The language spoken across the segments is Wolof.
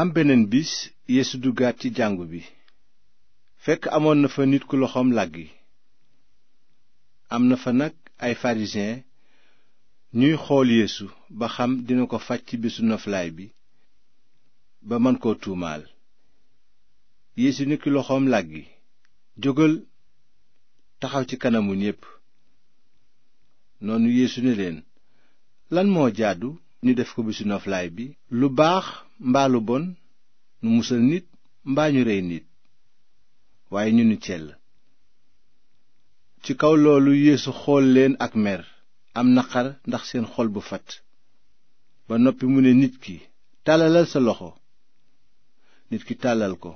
am beneen bis yeesu duggaat ci jàngu bi fekk amoon na fa nit ku loxoom làggi am na fa nag ay farisiyen ñuy xool yéesu ba xam dina ko faj ci bésu noflaay bi ba man koo tuumaal yeesu ni ki loxoom làggi jógal taxaw ci kanamu ñépp noonu yeesu ne leen lan moo jaadu ñu def ko bisu noflaay bi lu baax mbaa bon musal nit mbaa rey nit waaye ñu ni cell ci kaw loolu yéesu xool leen ak mer am naqar ndax seen xol bu fatt ba noppi mu ne nit ki tàllalal sa loxo nit ki tàllal ko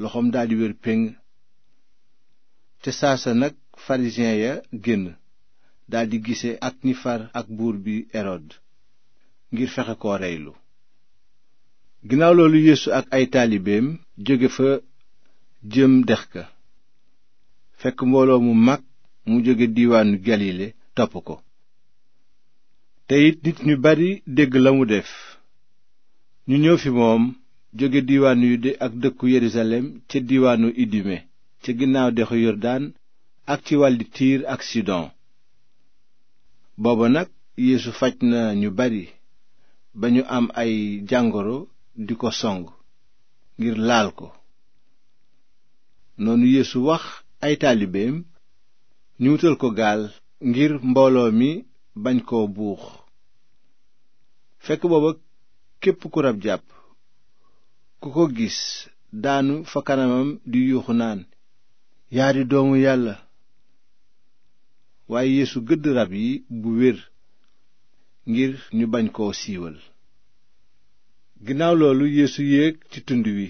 loxoom daldi wér péng te saasa nag farisiyen ya génn daldi gise ak ni far ak buur bi erod ngir fexe ko reylu ginnaaw loolu yeesu ak ay taalibeem jóge fa jëm dex ka fekk mbooloo mu mag mu jóge diwaanu galile topp ko te it nit ñu bari dégg la mu def ñu ñëw fi moom jóge diwaanu yu yude ak dëkku yerusalem ca diwaanu idume ca ginnaaw dexu yordaan ak ci wàlli tiir ak sidon booba nag yéesu faj na ñu bari ba ñu am ay jàngoro di ko song ngir laal ko noonu Yeesu wax ay taalibeem ñu wutal ko gaal ngir mbooloo mi bañ koo buux fekk booba képp ku rab jàpp ku ko gis daanu fa kanamam di yuuxu naan yaa di doomu yàlla waaye Yeesu gëdd rab yi bu wér ngir ñu bañ koo siiwal ginnaaw loolu yeesu yéeg ci tund wi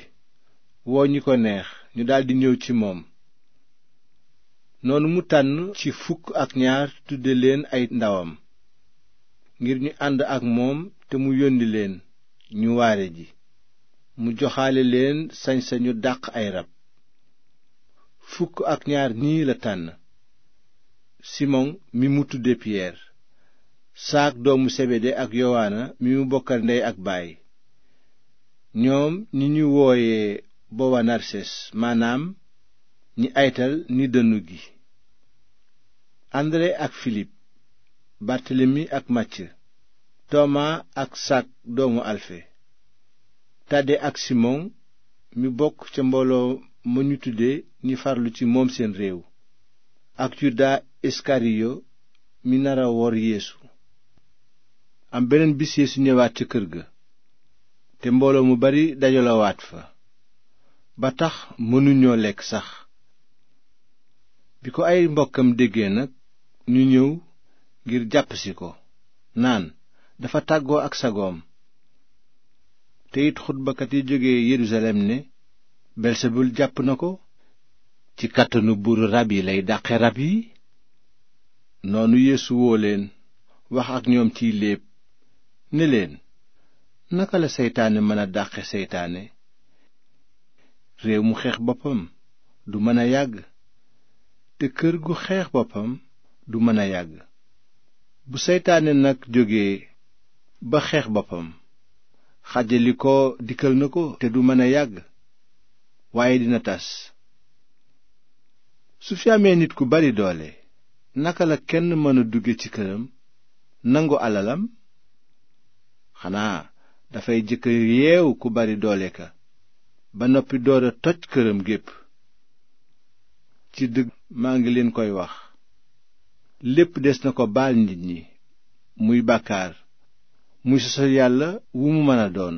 woo ñi ko neex ñu daldi ñëw ci moom noonu mu tànn ci fukk ak ñaar tudde leen ay ndawam ngir ñu ànd ak moom te mu yónni leen ñu waare ji mu joxale leen sañ-sañu dàq ay rab fukk ak ñaar ñii la tànn simon mi mu tudde piyeer saak doomu sebede ak yowaana mi mu bokkal ndey ak baay ñoom ñi ñu wooye bowanarses maanaam ñi aytal ni dënnu gi andre ak filip bartelemi ak màcc tooma ak sak doomu alfe tàdde ak simon mi bokk ca mbooloo ma ñu tudde ñi farlu ci moom seen réew ak yuda iskariyo mi nara wor yeesu am beneen bis Yeesu ñëwaat ca kër ga te mbooloo mu bari dajalawaat fa ba tax mënuñoo lekk sax bi ko ay mbokkam déggee nag ñu ñëw ngir jàpp si ko naan dafa tàggoo ak sagoom te it xutbakat yi jóge Yerusalem ne belsebul jàpp na ko ci kàttanu buuru rab yi lay dàqe rab yi noonu Yeesu woo leen wax ak ñoom ciy léeb ni leen naka la seytaane mën a dàqe seytaane réew mu xeex boppam du mën a yàgg te kër gu xeex boppam du mën a yàgg bu seytaane nag jóge ba xeex boppam xàjjali ko dikkal na ko te du mën a yàgg waaye dina tas su fi amee nit ku bari doole naka la kenn mën a dugg ci këram nangu alalam xanaa dafay jëkk yeewu ku bari doole ka ba noppi door a toj këram gépp ci dëgg maa ngi leen koy wax lépp des na ko baal nit ñi muy bàkkaar muy sosal yàlla wu mu mën a doon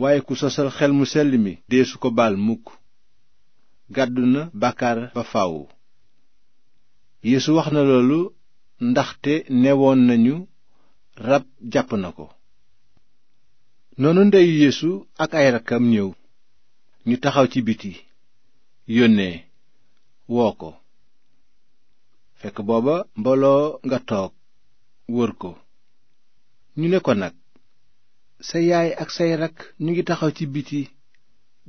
waaye ku sosal xel mu sell mi deesu ko baal mukk gàddu na bàkkaar ba faw yéesu wax na loolu ndaxte woon nañu jàpp na ko noonu ndeyu yeesu ak ay rakkam ñëw ñu taxaw ci biti yónnee woo ko fekk booba mbooloo nga toog wër ko ñu ne ko nag sa yaay ak say rakk ñu ngi taxaw ci biti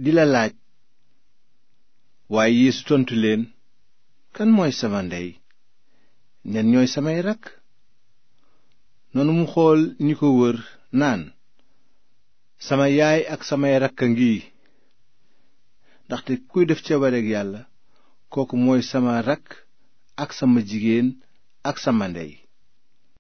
di la laaj waaye yeesu tontu leen kan mooy sama ndey ñan ñooy samay rakk noonu mu xool ni ko wër naan sama yaay ak samay rakk a ngi ndaxte kuy def coobareeg yàlla kooku mooy sama rakk ak sama jigéen ak sama ndey